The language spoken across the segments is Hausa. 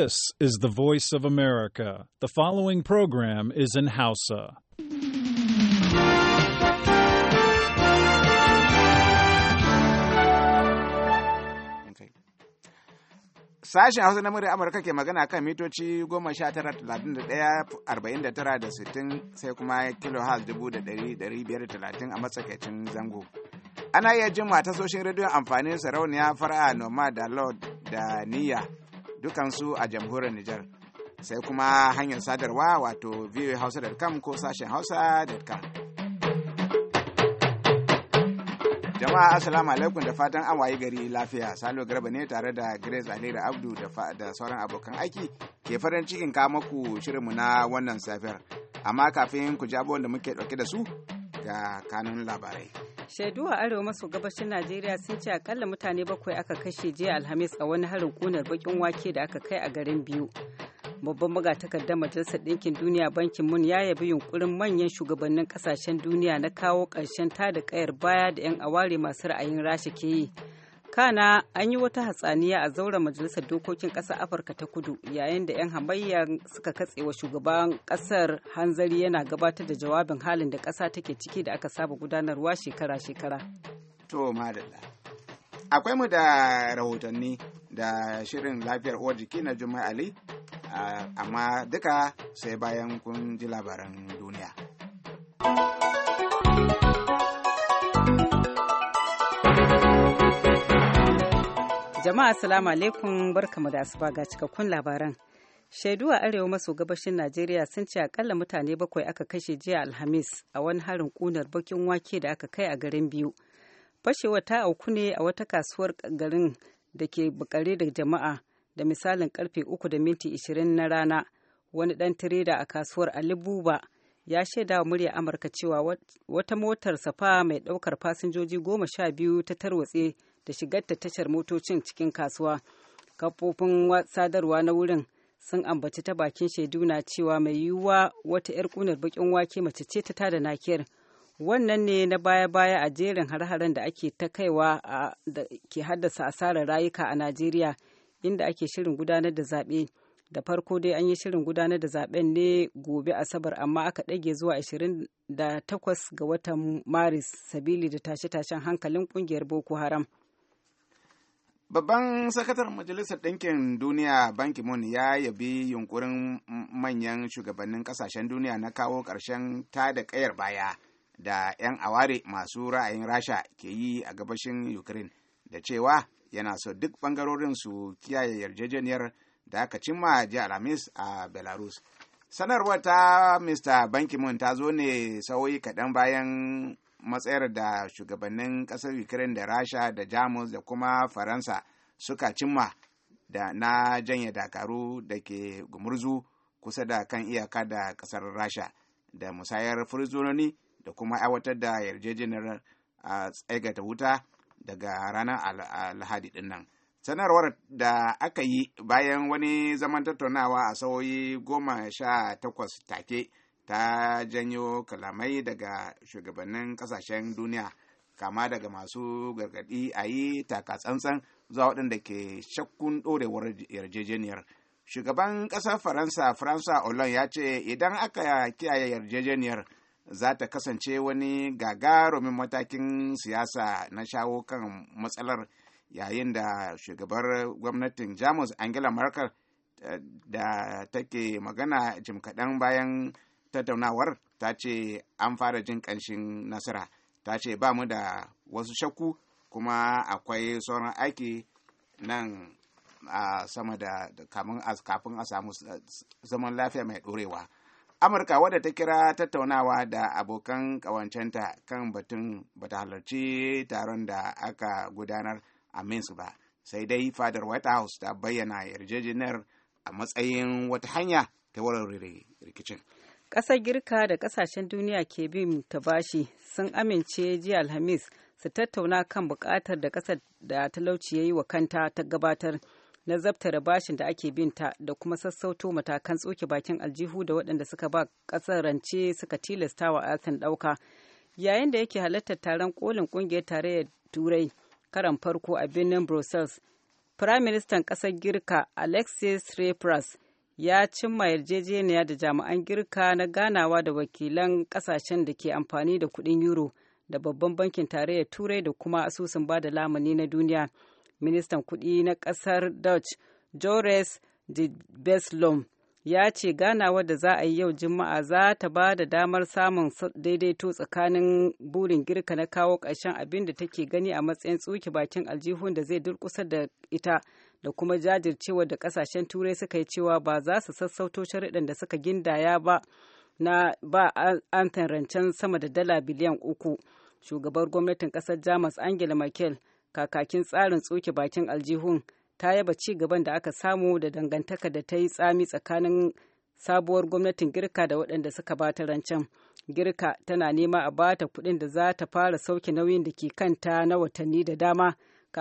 This is the voice of America. The following program is in Hausa. Sashen Hausa na murya Amurka ke magana kan mitoci sittin, sai kuma kilo da 530 a matsakaicin zango. Ana iya jin ta soshin rediyon amfanin sarauniya Far'a noma da lord da niyya dukansu a jamhuriyar Nijar. Sai kuma hanyar sadarwa wato voahausa.com ko sashen hausa.com. Jama'a Assalamu alaikum da fatan an wayi gari lafiya. Salo Garba ne tare da Grace da Abdu da sauran abokan aiki ke farin cikin kawo muku shirinmu na wannan safiyar. Amma kafin ku jabo da muke dauke da su, ga kanun labarai. Shaidu a arewa maso gabashin Najeriya sun ce akalla mutane bakwai aka kashe jiya Alhamis a wani harin kunar bakin wake da aka kai a garin biyu. Babban magatakardar Majalisar Ɗinkin Duniya Bankin Mun ya yabi yunkurin manyan shugabannin kasashen duniya na kawo ƙarshen tada kayar baya da 'yan aware masu ra'ayin rasha ke yi. kana an yi wata hatsaniya a zauren majalisar dokokin ƙasar afirka ta kudu yayin da 'yan hamayya suka katsewa shugaban ƙasar hanzari yana gabatar da jawabin halin da ƙasa take ciki da aka saba gudanarwa shekara-shekara to madalla akwai mu da rahotanni da shirin lafiyar uwar jiki na juma'a ali ah, amma duka sai bayan kun ji labaran duniya. Jama'a salamu alaikum barkamu da asuba ga cikakkun labaran. Shaidu a arewa maso gabashin Najeriya sun ce akalla mutane bakwai aka kashe jiya Alhamis a wani harin kunar bakin wake da aka kai a garin biyu. fashewa ta auku ne a wata kasuwar garin da ke bakare da jama'a da misalin karfe uku da minti ishirin na rana wani dan tireda a kasuwar Alibuba ya shaida wa murya Amurka cewa wata motar safa mai daukar fasinjoji goma sha biyu ta tarwatse da shigar ta tashar motocin cikin kasuwa kafofin sadarwa na wurin sun ambaci ta bakin shaidu na cewa mai yiwuwa wata 'yar kunar bakin wake mace ce ta tada nakiyar wannan ne na baya-baya a jerin har-haren da ake ta kaiwa da ke haddasa asarar rayuka a najeriya inda ake shirin gudanar da zaɓe da farko dai an yi shirin gudanar da zaɓen ne gobe asabar amma aka ɗage zuwa 28 ga watan maris sabili da tashe-tashen hankalin ƙungiyar boko haram Babban Sakatar Majalisar Ɗinkin Duniya Ban Ki-moon ya yabi yunkurin manyan shugabannin ƙasashen duniya na kawo ƙarshen ta da ƙayar baya da 'yan aware masu ra'ayin Rasha ke yi a gabashin Ukraine da cewa yana so duk ɓangarorin su kiyaye yarjejeniyar da aka cimma jiya Alhamis a Belarus. Sanarwar ta Mr. Ban Ki-moon ta zo ne sauyi kaɗan bayan matsayar da shugabannin ƙasar ukraine da rasha da jamus da kuma faransa suka cimma da na janye dakaru da ke gumurzu kusa da kan iyaka da ƙasar rasha da musayar fursunoni da kuma aiwatar da yarjejeniyar a tsagata wuta daga ranar alhadi din nan sanarwar da aka yi bayan wani zaman tattaunawa a sauyi goma sha takwas take ta janyo kalamai daga shugabannin kasashen duniya kama daga masu gargadi a yi taka tsantsan zuwa waɗanda ke shakkun ɗorewar yarjejeniyar shugaban ƙasar faransa faransa olon ya ce idan aka kiyaye yarjejeniyar za ta kasance wani gagarumin matakin siyasa na shawo kan matsalar yayin da shugabar gwamnatin jamus angela merkel eh, da take magana jim kaɗan bayan tattaunawar ta ce an fara jin kanshin nasara ta ce ba mu da wasu shakku kuma akwai sauran aiki nan a sama da kafin a samu zaman lafiya mai ɗorewa amurka wadda ta kira tattaunawa da abokan ƙawancenta kan batun bata halarci taron da aka gudanar a minsk ba sai dai fadar white house ta bayyana yarjejeniyar a matsayin wata hanya ta warware rikicin Ƙasar Girka da ƙasashen duniya ke bin ta bashi sun amince jiya Alhamis su tattauna kan buƙatar da ƙasar da talauci ya yi wa kanta ta gabatar na zabtare bashin da ake bin ta da kuma sassauto matakan tsoke bakin aljihu da waɗanda suka ba ƙasar rance suka tilasta wa Athens ɗauka. Yayin da yake halartar taron kolin ƙungiyar tarayyar Turai karan farko a birnin Brussels, Firaministan ƙasar Girka Alexis Tsipras ya cimma yarjejeniya da jami'an girka na ganawa da wakilan kasashen da ke amfani da kudin euro da babban bankin tarayyar turai da kuma asusun bada lamuni na duniya ministan kudi na kasar dutch jores de beslom ya ce ganawa da za a yi yau juma'a za ta ba da damar samun daidaito tsakanin burin girka na kawo ƙarshen abin da take gani a matsayin tsuke bakin aljihun da zai durkusa da ita da kuma jajircewa da kasashen turai suka yi cewa ba za su sassauto sharuɗan da suka gindaya ba na ba an rancen sama da dala biliyan uku shugabar gwamnatin kasar jamus angela merkel kakakin tsarin tsoke bakin aljihun ta yaba ci gaban da aka samu da dangantaka da ta yi tsami tsakanin sabuwar gwamnatin girka da waɗanda suka ba ta rancen girka tana nema a bata kuɗin da za ta fara sauke nauyin da ke kanta na watanni da dama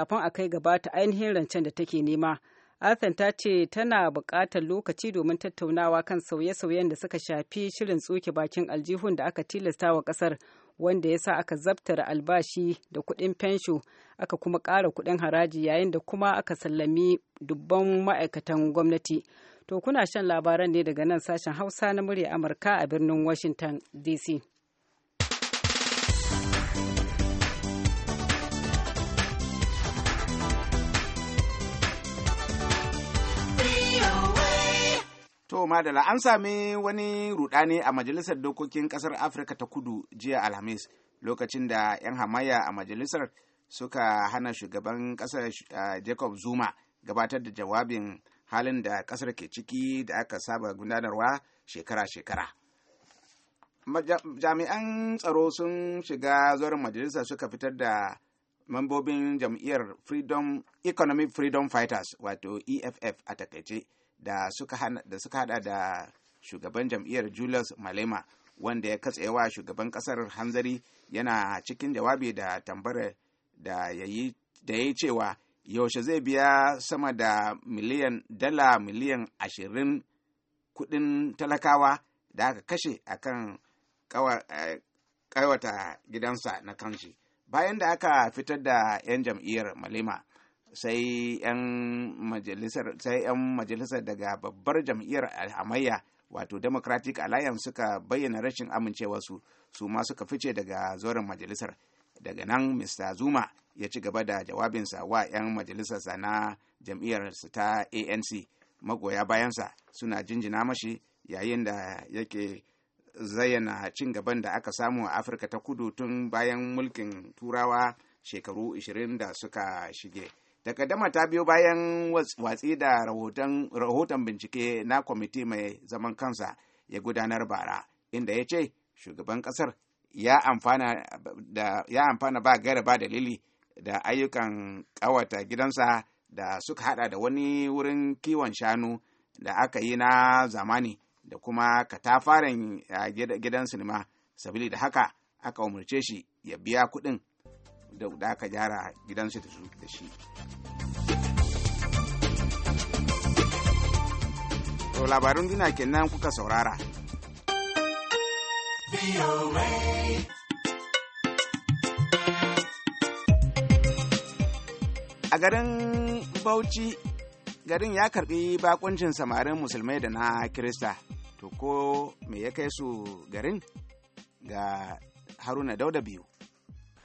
kafin a kai gaba ta ainihin rancen da take nema. Athan ta ce tana buƙatar lokaci domin tattaunawa kan sauye-sauyen da suka shafi shirin tsoke bakin aljihun da aka tilasta wa ƙasar wanda ya sa aka zabtara albashi da kuɗin fensho aka kuma ƙara kuɗin haraji yayin da kuma aka sallami dubban ma'aikatan gwamnati. To kuna shan labaran ne daga nan sashen Hausa na murya Amurka a birnin Washington DC. To Madala, an sami wani rudani a Majalisar Dokokin Ƙasar Afirka ta Kudu jiya Alhamis lokacin da 'yan hamayya a majalisar suka hana shugaban ƙasar Jacob Zuma gabatar da jawabin halin da ƙasar ke ciki da aka saba gudanarwa shekara-shekara. Jami'an tsaro sun shiga zuwan majalisa suka fitar da mambobin jam'iyyar Freedom Economic Freedom Fighters wato EFF a takaice. da suka hada da shugaban jam'iyyar julius malema wanda ya katsewa shugaban kasar hanzari yana cikin jawabi da tambara da ya yi cewa yaushe zai biya sama da miliyan dala miliyan ashirin kudin talakawa da aka kashe akan kan kawata eh, gidansa na kanshi bayan da aka fitar da 'yan jam'iyyar malema sai 'yan majalisar sai 'yan majalisar daga babbar jam'iyyar alhamayya wato democratic alliance suka bayyana rashin amincewarsu su ma suka fice daga zoren majalisar daga nan mr zuma ya ci gaba da jawabinsa wa 'yan majalisarsa na jam'iyyar ta anc magoya bayansa suna jinjina mashi yayin da yake zayyana cin gaban da aka samu a afirka ta kudu tun bayan mulkin turawa shekaru 20 da suka shige. takaddama ta biyo bayan watsi da rahoton bincike na kwamiti mai zaman kansa ya gudanar bara inda ya ce shugaban kasar ya amfana ba gara ba dalili da ayyukan kawata gidansa da suka hada da wani wurin kiwon shanu da aka yi na zamani da kuma katafaren gidan sinima sabili da haka aka umarce shi ya biya kuɗin da aka gyara gidansu da shi to labarin duniya kenan kuka saurara a garin bauchi garin ya karbi bakuncin samarin musulmai da na kirista to ko me ya kai su garin ga haruna dauda biyu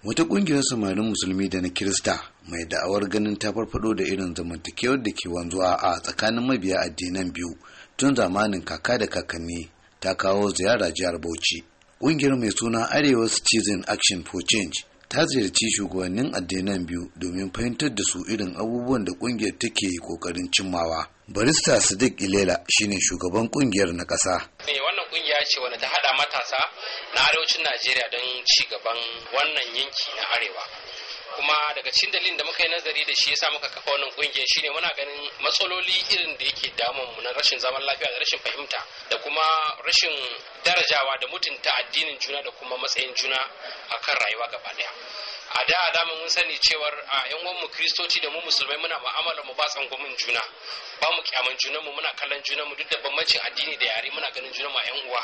wata ƙungiyar samarin musulmi da na kirista mai da'awar ganin ta farfado da irin zamantakewar da ke wanzuwa a tsakanin mabiya addinan biyu tun zamanin kaka da kakanni ta kawo ziyara jihar bauchi ƙungiyar mai suna arewa citizen action for change ta ziyarci shugabannin addinan biyu domin fahimtar da su irin abubuwan da kungiyar take kokarin cimmawa barista sadiq ilela shine shugaban kungiyar na ƙasa eh, kungiya ce wanda ta hada matasa na arewacin Najeriya don ci gaban wannan yanki na arewa. kuma daga cikin dalilin da muka yi nazari da shi sa muka kafa wannan kungiyar shine muna ganin matsaloli irin da yake damun mu na rashin zaman lafiya da rashin fahimta da kuma rashin darajawa da mutunta addinin juna da kuma matsayin juna akan rayuwa gaba daya a da a dama mun sani cewar a yan mu kristoci da mu musulmai muna mu'amala mu ba tsangwamin juna ba mu kyaman junan mu muna kallon junan mu duk da bambancin addini da yare muna ganin junan mu a yan uwa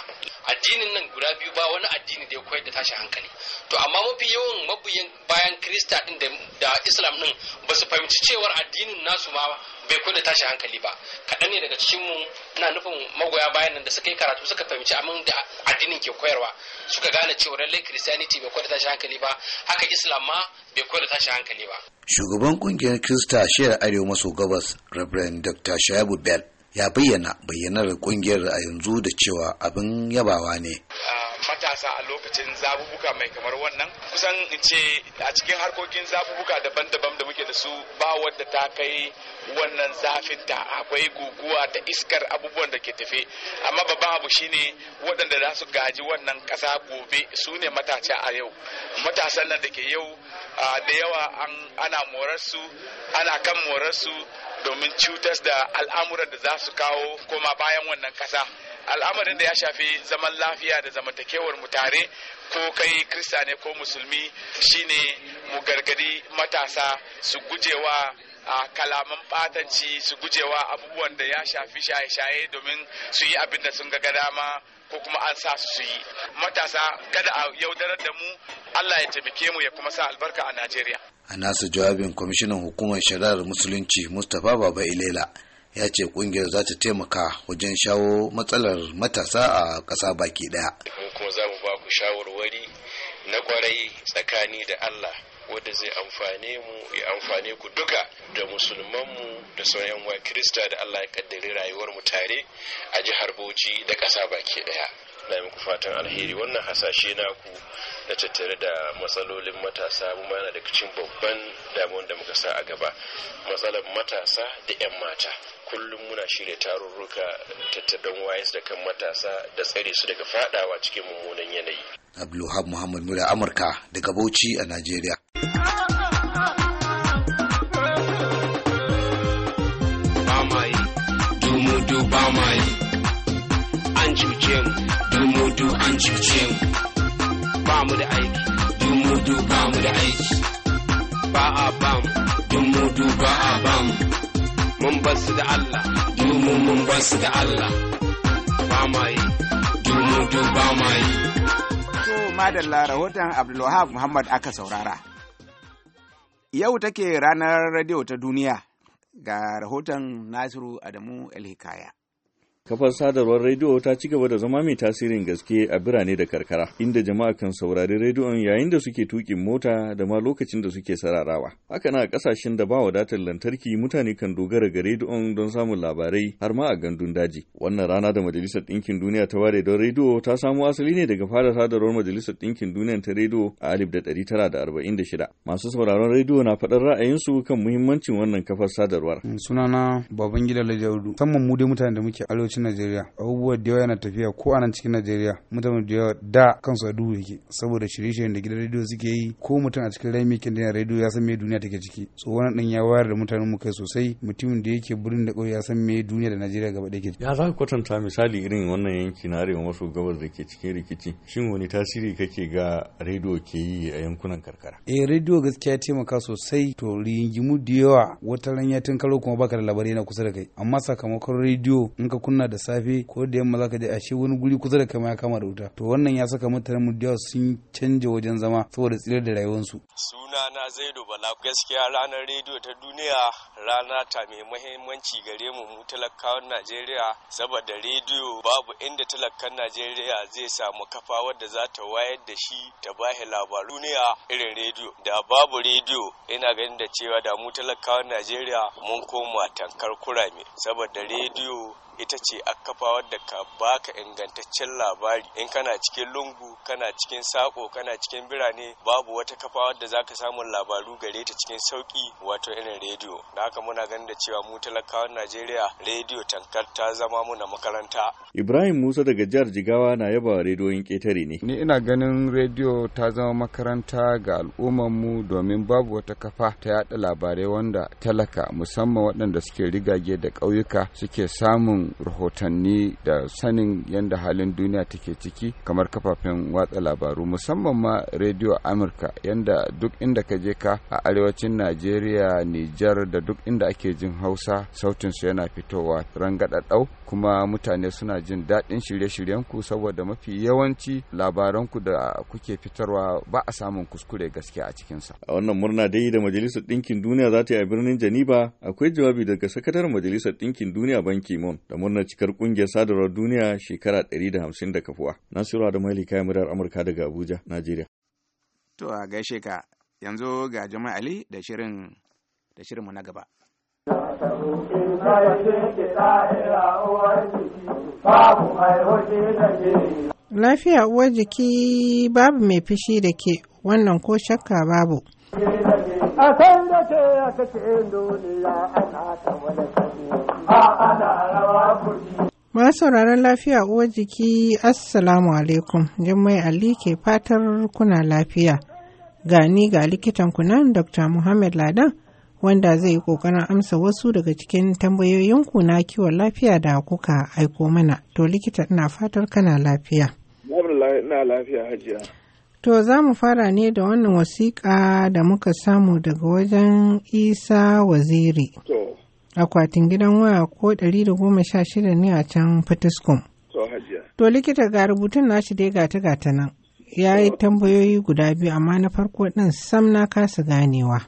addinin nan guda biyu ba wani addini da ya koyar da tashi hankali to amma mafi yawan mabiyan bayan krista din da islam din ba su fahimci cewar addinin nasu ba bai kuɗa tashi hankali ba kaɗan ne daga cikin mu na nufin magoya bayan nan da suka yi karatu suka fahimci amin da addinin ke koyarwa suka gane cewa lallai christianity bai kuɗa tashi hankali ba haka islam ma bai kuɗa tashi hankali ba shugaban kungiyar kirista shiyar arewa maso gabas reverend dr shayabu bell ya bayyana bayyanar kungiyar a yanzu da cewa abin yabawa ne ah, matasa a lokacin zabubuka mai kamar wannan kusan in ce a cikin harkokin zabubuka daban-daban da muke da su ba wadda ta kai wannan zafin ta akwai guguwa da iskar abubuwan da ke tafe amma babban abu shine waɗanda za su gaji wannan ƙasa gobe su ne matace a yau matasan nan da ke yau da yawa ana morarsu ana kan morarsu domin cutar da al'amuran da za su kawo koma bayan wannan ƙasa al'amarin da ya shafi zaman lafiya da zamantakewar mu tare ko kai krista ne ko musulmi shine mu gargadi matasa su gujewa a kalaman batanci su gujewa abubuwan da ya shafi shaye-shaye domin su yi abin da sun ga dama ko kuma an sa su yi matasa kada a yaudarar da mu Allah ya taimake mu ya kuma sa albarka a Najeriya a nasu jawabin kwamishinan hukumar shari'ar musulunci Mustapha Baba Ilela ya ce kungiyar za ta taimaka wajen shawo matsalar matasa a ƙasa baki ɗaya. kuma za mu ba ku shawarwari na kwarai tsakani da Allah wanda zai amfane mu ya amfane ku duka da musulmanmu da sauran wa Kirista da Allah ya kaddare rayuwar mu tare a jihar Bauchi da ƙasa baki ɗaya. Na muku fatan alheri wannan hasashe na ku na tattare da matsalolin matasa mu yana da cikin babban damuwan da muka sa a gaba matsalar matasa da 'yan mata. kullum muna shirya tarurruka tattadan wayas da kan matasa da tsare su daga fadawa cikin mummunan yanayi. Abdulhab Muhammad Mura Amurka daga Bauchi a Najeriya. ba mu, dumudu an cuce mu, ba mu da aiki, dumudu ba mu da aiki, ba a basu da Allah dumu mun basu da Allah ba ma yi dumu du ba ma yi to madalla rahoton Abdulwahab Muhammad aka saurara yau take ranar radio ta duniya ga rahoton Nasiru Adamu Elhikaya kafar sadarwar rediyo ta ci gaba da zama mai tasirin gaske a birane da karkara inda jama'a kan saurari rediyon yayin da suke tukin mota da ma lokacin da suke sararawa haka na kasashen da ba wadatar lantarki mutane kan dogara ga rediyon don samun labarai har ma a gandun daji wannan rana da majalisar ɗinkin duniya ta ware don rediyo ta samo asali ne daga fara sadarwar majalisar ɗinkin duniya ta rediyo a alif da ɗari tara da arba'in da shida masu sauraron rediyo na faɗar ra'ayinsu kan muhimmancin wannan kafar sadarwar sunana babangida ladauru musamman mu dai mutane da muke arewacin arewacin Najeriya abubuwa da yawa yana tafiya ko anan nan cikin Najeriya mutane da yawa da kansu a duhu yake saboda shirye-shiryen da gidan rediyo suke yi ko mutum a cikin raimi kin da rediyo ya san me duniya take ciki so wannan din ya wayar da mutanen mu kai sosai mutumin da yake birnin da ƙauye ya san me duniya da Najeriya gaba ɗaya ke ya za ka kwatanta misali irin wannan yanki na arewa maso gabas da ke cikin rikici shin wani tasiri kake ga rediyo ke yi a yankunan karkara eh rediyo gaskiya ya taimaka sosai to rigimu da yawa wata ranya tun tunkaro kuma baka da labari na kusa da kai amma sakamakon rediyo in ka kunna da safe ko da yamma zaka je a shi wani guri kusa da kai ya kama da wuta to wannan ya saka mutanen mu da sun canja wajen zama saboda tsirar da rayuwarsu suna na Zaidu Bala gaskiya ranar rediyo ta duniya rana ta mai muhimmanci gare mu mu talakawan Najeriya saboda rediyo babu inda talakan Najeriya zai samu kafa wadda za ta wayar da shi ta bahi labaru ne irin rediyo da babu rediyo ina ganin da cewa da mu talakawan Najeriya mun koma tankar kurame saboda rediyo ita ce a kafa da ka baka ingantaccen labari in kana cikin lungu kana cikin sako kana cikin birane babu wata kafa wadda zaka samu labaru gare ta cikin sauki wato irin rediyo da haka muna ganin da cewa mu talakawan Najeriya rediyo tankar ta zama na makaranta Ibrahim Musa daga jihar Jigawa na yaba rediyoyin ketare ne ni ina ganin rediyo ta zama makaranta ga al'umman mu domin babu wata kafa ta yada labarai wanda talaka musamman waɗanda suke rigage da ƙauyuka suke samun rahotanni da sanin yadda halin duniya take ciki kamar kafafen watsa labaru musamman ma rediyo amurka yadda duk inda ka je ka a arewacin najeriya nijar da duk inda ake jin hausa sautinsu yana fitowa rangadadau kuma mutane suna jin daɗin shirye-shiryenku saboda mafi yawanci labaranku da kuke fitarwa ba a samun kuskure gaske a cikinsa a wannan murna dai da majalisar dinkin duniya za ta yi a birnin janiba akwai jawabi daga sakataren majalisar ɗinkin duniya ban kimon da murnar cikar kungiyar sadarwar duniya shekara ɗari da da kafuwa. Nasiru da Malika kayan murar Amurka daga Abuja, Najeriya. To a gaishe ka yanzu ga Jama'a Ali da shirin da mu na gaba. Lafiya uwar jiki babu mai fishi da ke wannan ko shakka babu. a da ke a duniya ana ta wani a ana rawa sauraron lafiya uwar jiki Assalamu alaikum Jummai Ali ke fatar kuna lafiya. Gani ga likitan nan Dr. Muhammad Ladan wanda zai yi kokarin amsa wasu daga cikin tambayoyinku na kiwon lafiya da kuka aiko mana. To likita ina fatar kana lafiya. Ina lafiya hajiya. To za mu fara ne da wannan wasiƙa da muka samu daga wajen Isa Waziri. Akwatin gidan waya ko 116 ne a can Fatiskum. To likita ga rubutun nashi dai gata gata nan. Ya yi tambayoyi guda biyu amma na farko ɗin sam na kasa ganewa.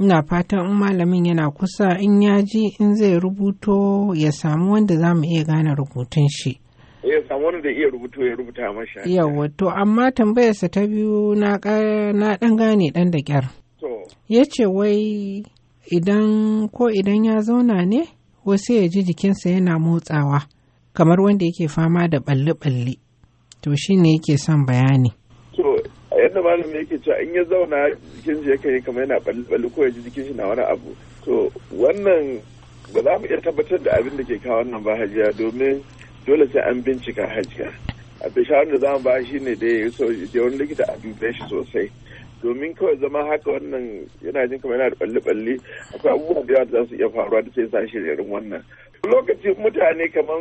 Ina fatan in malamin yana kusa in ya ji in zai rubuto ya samu wanda za mu iya gane rubutun shi. ya eh, samu wani da iya rubutu ya rubuta masha yawa to amma tambayarsa ta biyu na ɗan gane ɗan da ƙyar ya ce wai idan ko idan ya zauna ne wasu ya ji jikinsa yana motsawa kamar wanda yake fama da balle-balle to shi ne yake son bayani to a yadda malam yake cewa in ya zauna jikin shi yakan yi kamar yana balle-balle ko ya ji jikin shi na wani abu to wannan ba za mu iya tabbatar da abin da ke kawo wannan ba hajiya domin dole sai an bincika hajiya a bishawar da zamu ba shi ne da ya wani likita a dube shi sosai domin kawai zama haka wannan yana jin kamar yana da balle-balle akwai abubuwa da yawa za su iya faruwa da sai sa shi irin wannan lokaci mutane kamar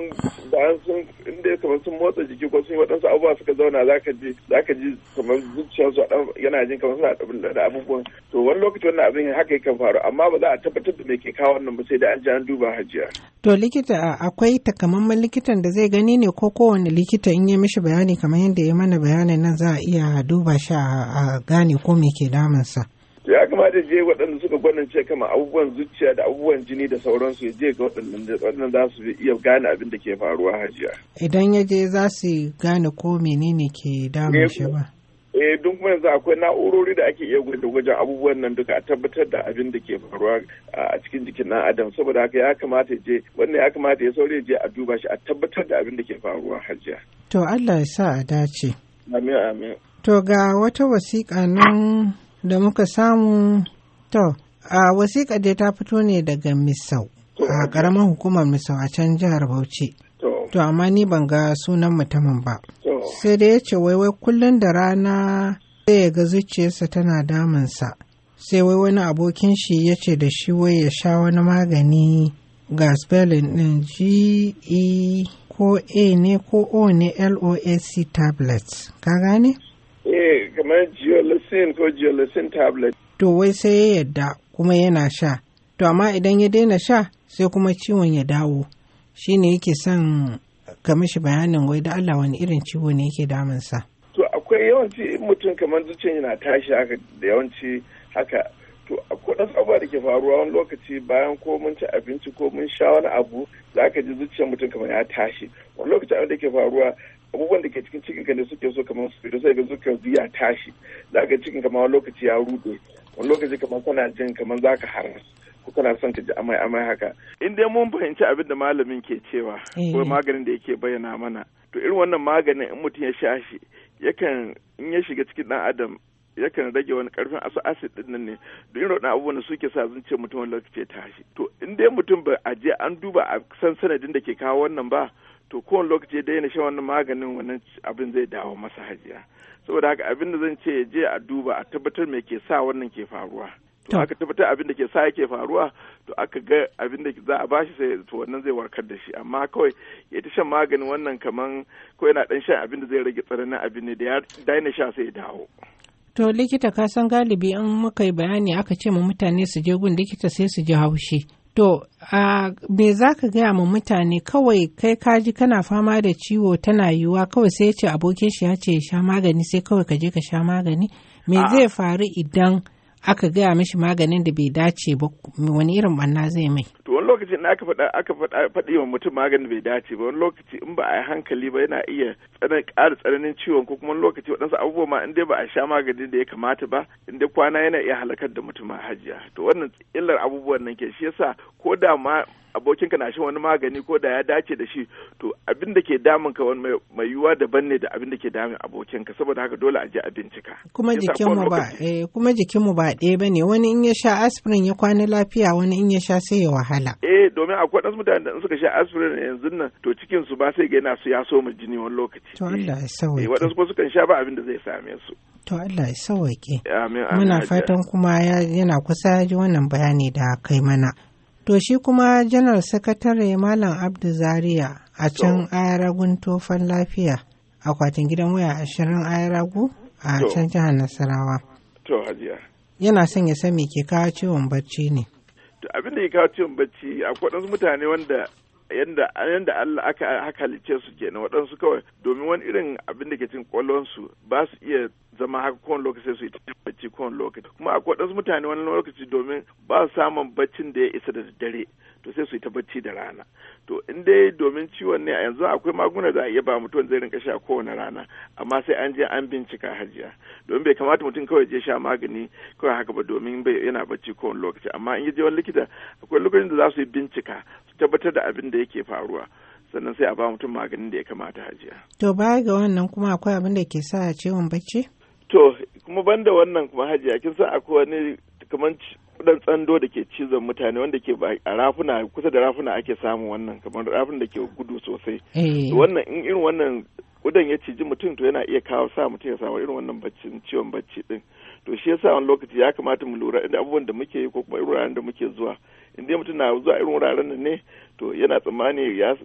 da sun inda kamar sun motsa jiki ko sun yi waɗansu abubuwa suka zauna zaka ji zaka ji kamar zuciyarsu yana jin kamar suna da abubuwan to wani lokaci wannan abin haka yakan faru amma ba za a tabbatar da me ke kawo wannan ba sai da an ji an duba hajiya. to likita akwai takamaiman likitan da zai gani ne ko kowane likita in ya mishi bayani kamar yadda ya mana bayanin nan za a iya duba shi a gane ko me ke damunsa. to ya kamata je waɗanda suka gwanance kama abubuwan zuciya da abubuwan jini da sauransu ya je ga waɗanda za su iya gane abin da ke faruwa hajiya idan ya je za su gane ko menene ke damun eh, shi ba eh duk kuma yanzu akwai na'urori da ake iya gwaje-gwajen abubuwan nan duka a tabbatar da abin da ke faruwa a cikin jikin ɗan adam saboda haka ya kamata je wannan ya kamata ya saurayi je a duba shi a tabbatar da abin da ke faruwa hajiya to Allah ya sa a dace amin amin to ga wata wasiƙa nan da muka samu to a wasiƙa dai ta fito ne daga misau a ƙaramin hukumar misau a can jihar bauchi to amma ni ban ga sunan mutumin ba sai dai ya ce waiwai kullum da rana zai ya ga zuciyarsa tana damunsa sai wai wani abokin shi ya ce da shi wai ya sha wani magani ga spelling din g e ko a ne ko o ne loac tablets ka gane eh kamar geolocin ko geolocin tablet to wai sai ya yadda kuma yana sha to amma idan ya daina sha sai kuma ciwon ya dawo shine yake son ka mishi bayanin wai da Allah wani irin ciwo ne yake damunsa to akwai yawanci mutum kamar zuciya yana tashi haka da yawanci haka to akwai ɗan da ke faruwa wani lokaci bayan ko mun ci abinci ko mun sha wani abu za ka ji zuciyar mutum kamar ya tashi wani lokaci abin da ke faruwa abubuwan da ke cikin cikin ka ne suke so kamar su fito sai ga zu ya tashi za ka cikin kamar wani lokaci ya rude wani lokaci kamar kana jin kamar za ka haras ko kana son ka ji amai amai haka in dai mun fahimci abin da malamin ke cewa eh. ko maganin da yake bayyana mana to irin wannan maganin in mutum ya sha shi yakan in ya shiga cikin dan adam yakan rage wani karfin asu acid din nan ne duk irin abubuwan da suke sa zuciyar mutum wani lokaci ya tashi to in dai mutum ba a je an duba a san sanadin da ke kawo wannan ba to kowane lokaci ya daina shan wannan maganin wannan abin zai dawo masa hajiya saboda haka abin da zan ce ya je a duba a tabbatar me ke sa wannan ke faruwa to aka tabbatar abin da ke sa yake faruwa to aka ga abin da za a bashi sai to wannan zai warkar da shi amma kawai ya ta shan maganin wannan kaman ko yana dan shan abin da zai rage tsananin abin ne da ya daina sha sai ya dawo to likita ka san galibi in muka yi bayani aka ce ma mutane su je gun likita sai su ji haushi To, a me za ka gaya ma mutane kawai kai kaji kana fama da ciwo tana yiwuwa kawai sai ce abokin shi ya ce ya sha magani sai kawai ka je ka sha magani? Me zai faru idan aka gaya mishi maganin da bai dace ba wani irin banna zai mai? to wani lokaci in aka faɗa aka faɗi wa mutum maganin bai dace ba wani lokaci in ba a yi hankali ba yana iya ƙara tsananin ciwon ko kuma wani lokaci waɗansu abubuwa ma in dai ba a sha maganin da ya kamata ba in dai kwana yana iya halakar da mutum a hajiya to wannan illar abubuwan nan ke shi yasa ko da ma abokinka na shan wani magani ko da ya dace da shi to abin da ke damun ka wani mai yiwuwa daban ne da abin da ke damun abokinka saboda haka dole a je a bincika kuma jikinmu ba eh, ba ɗaya wani in ya sha aspirin ya kwana lafiya wani in ya sha sai ya wahala wahala. Eh domin akwai ɗansu mutane da suka sha aspirin yanzu nan to cikin su ba sai ga yana su ya so mu jini wani lokaci. To Allah ya Eh, Waɗansu kuma sukan sha ba abin da zai same su. To Allah ya sauke. Amin amin. Muna fatan kuma yana kusa ji wannan bayani da kai mana. To shi kuma janar sakatare Malam Abdu Zaria a can ayaragun tofan lafiya akwatin gidan waya ashirin ayaragu a can jihar Nasarawa. To hajiya. Yana son ya san me ke kawo ciwon barci ne. abin da ya kawo ciwon bacci a ɗansu mutane wanda yanda yanda Allah aka haka halice su kenan waɗansu kawai domin wani irin abin da ke cin kwallonsu ba su iya zama haka kowane lokaci su yi bacci kowane lokaci kuma akwai waɗansu mutane wani lokaci domin ba su samun baccin da ya isa da dare to sai su yi ta bacci da rana to in dai domin ciwon ne a yanzu akwai magunguna da a iya ba mutum zai rinka sha kowane rana amma sai an je an bincika hajiya domin bai kamata mutum kawai je sha magani kawai haka ba domin bai yana bacci kowane lokaci amma in yi je wani likita akwai lokacin da za su yi bincika tabbatar da abin da yake faruwa sannan sai a ba mutum maganin da ya kamata hajiya. To baya ga wannan kuma akwai abin da ke sa a ciwon bacci? To kuma banda wannan kuma hajiya kin san akwai wani kamar dan tsando da ke cizon mutane wanda ke a rafuna kusa da rafuna ake samun wannan kamar rafin da ke gudu sosai. Eh. Wannan in irin wannan kudan ya ciji mutum to yana iya kawo sa mutum ya samu irin wannan baccin ciwon bacci din. to shi yasa wani lokaci ya kamata mu lura inda abubuwan da muke yi ko kuma irin wuraren da muke zuwa in dai mutum na zuwa irin wuraren nan ne to yana tsammani ya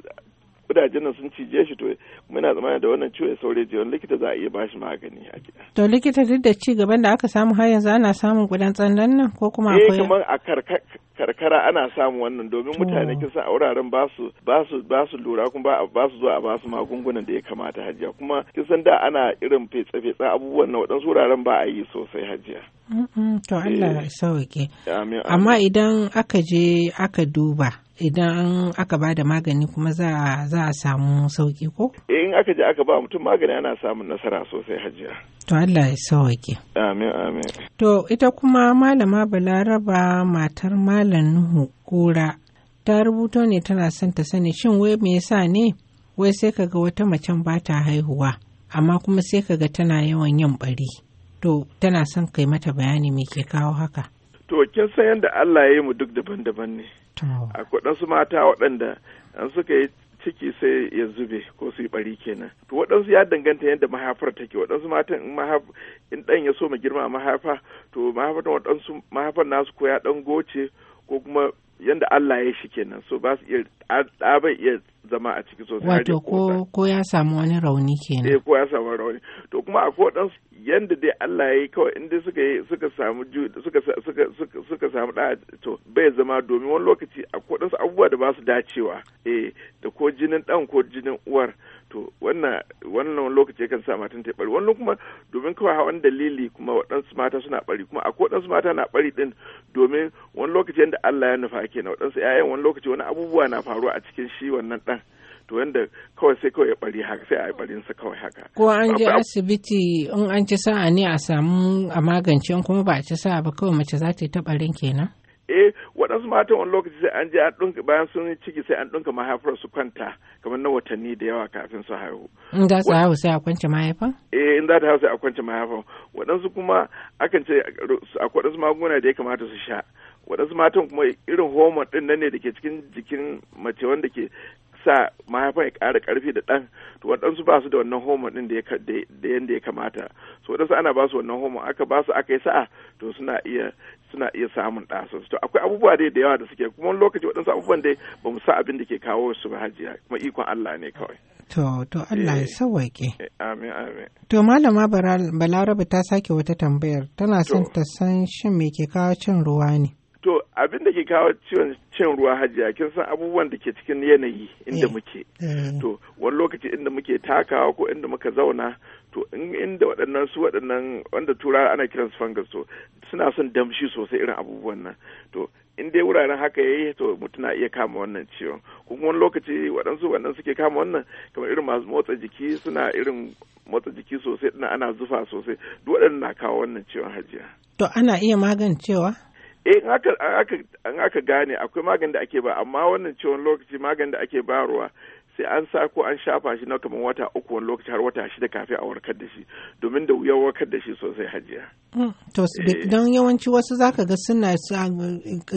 kudajen nan sun cije shi to muna tsammanin da wannan ciwon saurayi ji wani likita za a iya bashi magani a gida. To likita duk da ci gaban da aka samu har yanzu ana samun gudan tsandan nan ko kuma eh, akwai? Eh kamar a karkara ana samun wannan domin mutane kisa a wuraren ba su ba lura kuma ba su zuwa a ba su magungunan da ya kamata hajiya kuma kisan da ana irin fetse-fetse abubuwan na waɗansu wuraren ba a yi sosai hajiya. To Allah eh. ya sauke. Amma idan aka je aka duba. idan aka ba da magani kuma za a samu sauki ko? in aka je aka ba mutum magani ana samun nasara sosai hajiya. To Allah ya sauke. Amin amin. To ita kuma malama balaraba matar malam Nuhu Kura ta rubuto ne tana son ta sani shin wai me yasa ne wai sai kaga wata macen ba ta haihuwa amma kuma sai kaga tana yawan yin bari. To tana son kai mata bayani me ke kawo haka. To kin san yadda Allah ya yi mu duk daban-daban ne. akwai ɗansu mata waɗanda an suka yi ciki sai ya zube ko su yi bari kenan to waɗansu ya danganta yadda mahaifar take waɗansu mata in ɗan ya so ma girma mahaifa to mahaifar waɗansu mahaifar nasu ko ya ɗan goce ko kuma yanda Allah ya shi kenan so ba su iya ɗa iya zama a ciki sosai wato ko ya samu wani rauni kenan eh, ko ya samu rauni to kuma a waɗansu yanda dai Allah ya yi kawai inda suka suka samu suka samu da to bai zama domin wani lokaci akwai su abubuwa da ba su dacewa eh da ko jinin ɗan ko jinin uwar to wannan wannan lokaci kan sa matan ta bari wannan kuma domin kawai hawan dalili kuma waɗansu mata suna bari kuma akwai waɗansu mata na bari din domin wani lokaci yadda Allah ya nufa kenan waɗansu ƴaƴan wani lokaci wani abubuwa na faruwa a cikin shi wannan ɗan to wanda kawai sai kawai ya bari haka sai a yi barin sa kawai haka ko an je asibiti in an ci sa'a ne a samu a magance kuma ba a ci sa'a ba kawai mace za ta yi ta barin kenan eh waɗansu matan wani lokaci sai an je an ɗunka bayan sun ciki sai an ɗunka mahaifar su kwanta kamar na watanni da yawa kafin su haihu. In za su haihu sai a kwance mahaifa? Eh in za ta haihu sai a kwance mahaifa. Waɗansu kuma akan ce a waɗansu magunguna da ya kamata su sha. Waɗansu matan kuma irin hormone ɗin nan ne da ke cikin jikin mace wanda ke sa mahaifa ya ƙara ƙarfi da ɗan to waɗansu ba su da wannan homon ɗin da yadda ya kamata so waɗansu ana ba su wannan homon aka ba su aka yi sa'a to suna iya suna iya samun ɗasansu to akwai abubuwa dai da yawa da suke kuma wani lokaci waɗansu abubuwan dai ba mu sa abin da ke kawo su ba hajiya kuma ikon Allah ne kawai. To, to Allah ya eh. sawaƙe. Eh, amin, amin. To, Malama Balarabe ta sake wata tambayar, tana son ta san shin me ke kawo cin ruwa ne? To, abin da ke kawo ciwon cin ruwa hajiya, kin san abubuwan da ke cikin yanayi inda eh. muke. To, wani lokaci inda muke takawa ko inda muka zauna, to inda waɗannan su waɗannan wanda tura ana kiransu fungus to suna son damshi sosai irin abubuwan nan to in dai wuraren haka yayi to mutum na iya kama wannan ciwon kuma wani lokaci waɗansu waɗannan suke kama wannan kamar irin masu motsa jiki suna irin motsa jiki sosai ɗin ana zufa sosai duk waɗannan na kawo wannan ciwon hajiya. To ana iya magancewa? eh in aka gane akwai magani da ake ba amma wannan ciwon lokaci magani da ake barowa. sai an sa ko an shafa shi na kamar wata uku wani lokaci har wata shida kafin a warkar da shi domin da wuyar warkar da shi sosai hajiya. Hmm. to eh. don yawanci wasu zaka ga suna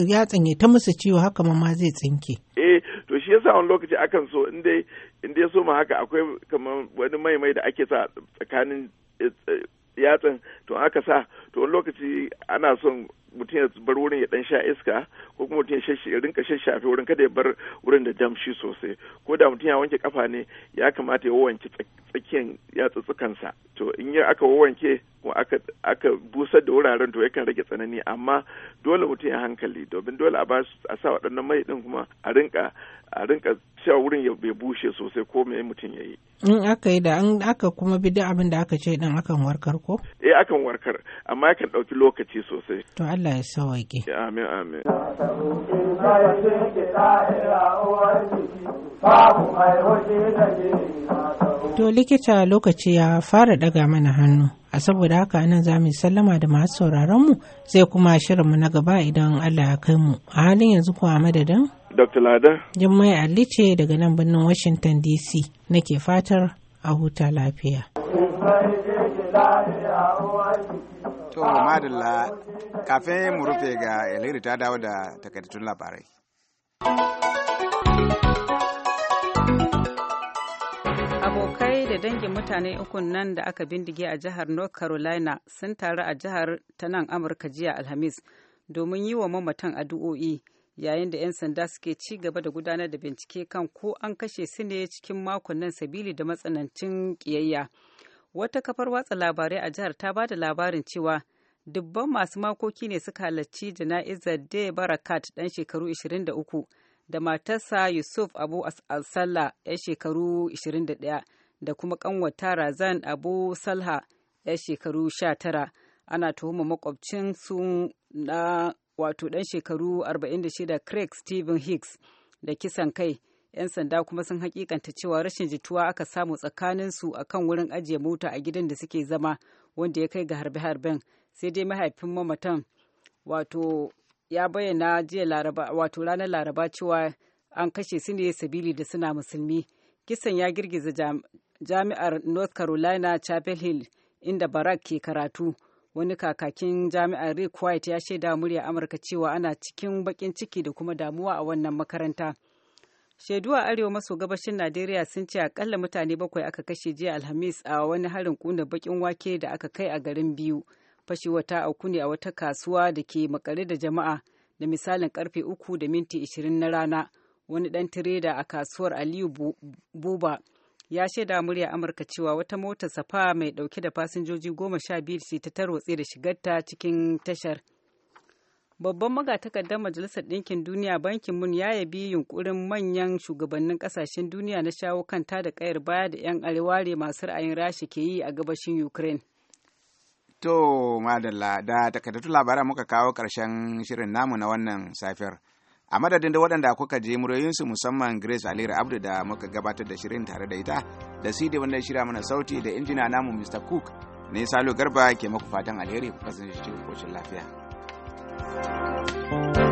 ya tsanye ta musu ciwo haka ma zai tsinke. eh to shi yasa wani lokaci akan so in dai soma haka akwai kamar wani mai mai da ake sa tsakanin eh, eh, yatsan to aka sa to wani lokaci ana son mutum ya bar wurin ya dan sha iska ko kuma mutum ya rinka shashafe wurin kada ya bar wurin da damshi sosai ko da mutum ya wanke kafa ne ya kamata ya wanke tsakiyan yatsutsukansa to in ya aka wanke ko aka aka busar da wuraren to yakan rage tsanani amma dole mutum ya hankali domin dole a a sa waɗannan mai din kuma a rinka a rinka cewa wurin ya bai bushe sosai ko me mutum ya yi in aka yi da an aka kuma bi duk abin da aka ce din akan warkar ko eh akan warkar amma amma yakan ɗauki lokaci sosai. To Allah ya sawaƙe. Amin amin. To likita lokaci ya fara ɗaga mana hannu. A saboda haka anan za mu sallama da masu sauraronmu sai kuma shirinmu na gaba idan Allah ya kai mu. A halin yanzu kuwa madadin? Dr. Lada. Jummai Ali ce daga nan birnin Washington DC nake fatar a huta lafiya. To madalla kafin mu rufe ga Eliri ta dawo da takaitattun labarai. Abokai da dangin mutane ukun nan da aka bindige a jihar North Carolina sun taru a jihar ta nan Amurka jiya Alhamis domin yi wa mamatan addu'o'i. yayin da 'yan sanda suke ci gaba da gudanar da bincike kan ko an kashe su ne cikin makon nan sabili da matsanancin kiyayya Wata kafar watsa labarai a jihar ta ba da labarin cewa dubban masu makoki ne suka halarci jana'izar de barakat dan shekaru 23 da matarsa yusuf abu sallah yan shekaru 21 da kuma kanwata razan abu salha yan shekaru 19 ana tuhuma makwabcin su na wato ɗan shekaru 46 Craig Stephen Hicks da kisan kai. 'Yan sanda kuma sun hakikanta cewa rashin jituwa aka samu tsakaninsu a kan wurin ajiye mota a gidan da suke zama wanda ya kai ga harbe-harben sai dai mahaifin mamatan wato ya bayyana jiya laraba wato ranar laraba cewa an kashe su ne sabili da suna musulmi kisan ya girgiza jami'ar north carolina chapel hill inda barak ke karatu wani kakakin jami'ar rick white ya shaida murya amurka cewa ana cikin bakin ciki da kuma damuwa a wannan makaranta shaidu a arewa maso gabashin najeriya sun ce akalla mutane bakwai aka kashe jiya alhamis a wani harin kuna bakin wake da aka kai a garin biyu fashewa ta auku ne a wata kasuwa da ke makare da jama'a da misalin karfe uku da minti ishirin na rana wani dan tireda a kasuwar aliyu buba ya shaida murya amurka cewa wata motar safa mai dauke da fasinjoji goma sha biyu ce ta tarwatse da shigarta cikin tashar babban magatakardar majalisar ɗinkin duniya bankin mun ya yabi yunkurin manyan shugabannin ƙasashen duniya na shawo kanta da kayar baya da 'yan areware masu ra'ayin rasha ke yi a gabashin ukraine to madalla da takardattun labaran muka kawo ƙarshen shirin namu na wannan safiyar a madadin da waɗanda kuka je muryoyinsu musamman grace alira abdu da muka gabatar da shirin tare da ita da cd wanda ya shirya mana sauti da injina namu mr cook ne salo garba ke maku fatan alheri ku kasance cikin koshin lafiya thank you